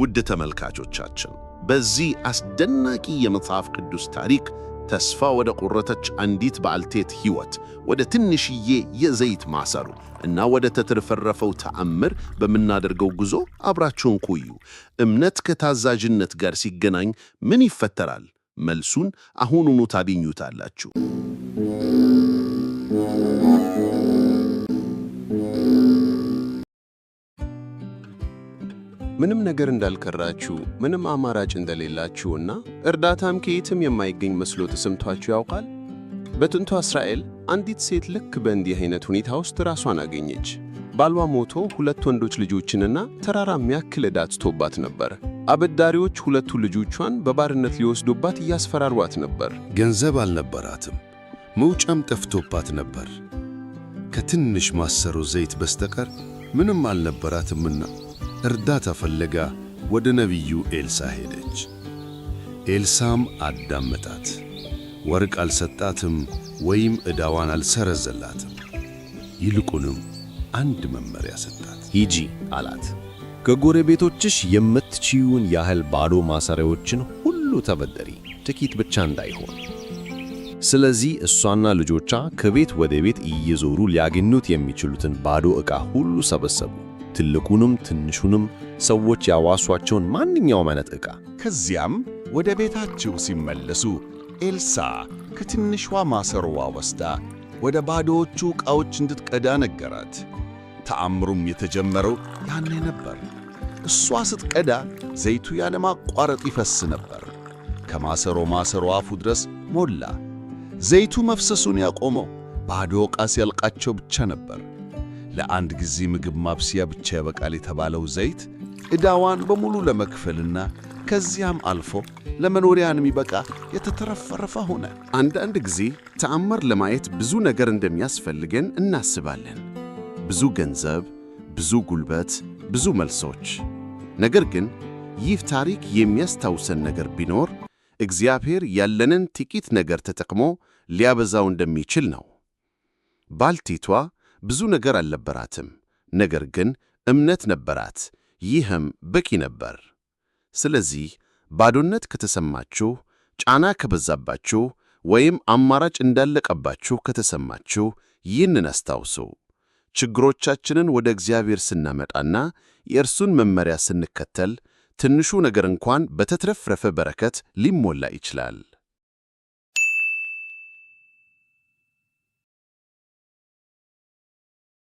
ውድ ተመልካቾቻችን በዚህ አስደናቂ የመጽሐፍ ቅዱስ ታሪክ ተስፋ ወደ ቆረተች አንዲት ባልቴት ሕይወት፣ ወደ ትንሽዬ የዘይት ማሰሩ እና ወደ ተትረፈረፈው ተአምር በምናደርገው ጉዞ አብራችሁን ቆዩ። እምነት ከታዛዥነት ጋር ሲገናኝ ምን ይፈጠራል? መልሱን አሁኑኑ ታገኙታላችሁ። ምንም ነገር እንዳልከራችሁ ምንም አማራጭ እንደሌላችሁና እርዳታም ከየትም የማይገኝ መስሎ ተሰምቷችሁ ያውቃል? በጥንቷ እስራኤል አንዲት ሴት ልክ በእንዲህ አይነት ሁኔታ ውስጥ ራሷን አገኘች። ባሏ ሞቶ ሁለት ወንዶች ልጆችንና ተራራ የሚያክል ዕዳ ትቶባት ነበር። አበዳሪዎች ሁለቱ ልጆቿን በባርነት ሊወስዱባት እያስፈራሯት ነበር። ገንዘብ አልነበራትም፣ መውጫም ጠፍቶባት ነበር። ከትንሽ ማሰሮ ዘይት በስተቀር ምንም አልነበራትምና እርዳታ ፈለጋ ወደ ነቢዩ ኤልሳ ሄደች። ኤልሳም አዳመጣት። ወርቅ አልሰጣትም ወይም ዕዳዋን አልሰረዘላትም። ይልቁንም አንድ መመሪያ ሰጣት። ሂጂ አላት። ከጎረቤቶችሽ የምትችዩን ያህል ባዶ ማሰሪያዎችን ሁሉ ተበደሪ፣ ጥቂት ብቻ እንዳይሆን። ስለዚህ እሷና ልጆቿ ከቤት ወደ ቤት እየዞሩ ሊያገኙት የሚችሉትን ባዶ ዕቃ ሁሉ ሰበሰቡ። ትልቁንም ትንሹንም ሰዎች ያዋሷቸውን ማንኛውም አይነት ዕቃ። ከዚያም ወደ ቤታቸው ሲመለሱ ኤልሳ ከትንሿ ማሰሮዋ ወስዳ ወደ ባዶዎቹ ዕቃዎች እንድትቀዳ ነገራት። ተአምሩም የተጀመረው ያኔ ነበር። እሷ ስትቀዳ ዘይቱ ያለማቋረጥ ይፈስ ነበር። ከማሰሮ ማሰሮ አፉ ድረስ ሞላ። ዘይቱ መፍሰሱን ያቆመው ባዶ ዕቃ ሲያልቃቸው ብቻ ነበር። ለአንድ ጊዜ ምግብ ማብሰያ ብቻ ይበቃል የተባለው ዘይት ዕዳዋን በሙሉ ለመክፈልና ከዚያም አልፎ ለመኖሪያን የሚበቃ የተትረፈረፈ ሆነ። አንዳንድ ጊዜ ተአምር ለማየት ብዙ ነገር እንደሚያስፈልገን እናስባለን። ብዙ ገንዘብ፣ ብዙ ጉልበት፣ ብዙ መልሶች። ነገር ግን ይህ ታሪክ የሚያስታውሰን ነገር ቢኖር እግዚአብሔር ያለንን ጥቂት ነገር ተጠቅሞ ሊያበዛው እንደሚችል ነው። ባልቴቷ ብዙ ነገር አልነበራትም፣ ነገር ግን እምነት ነበራት። ይህም በቂ ነበር። ስለዚህ ባዶነት ከተሰማችሁ፣ ጫና ከበዛባችሁ፣ ወይም አማራጭ እንዳለቀባችሁ ከተሰማችሁ ይህንን አስታውሱ። ችግሮቻችንን ወደ እግዚአብሔር ስናመጣና የእርሱን መመሪያ ስንከተል ትንሹ ነገር እንኳን በተትረፍረፈ በረከት ሊሞላ ይችላል።